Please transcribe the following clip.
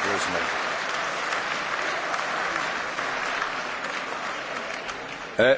prisoner.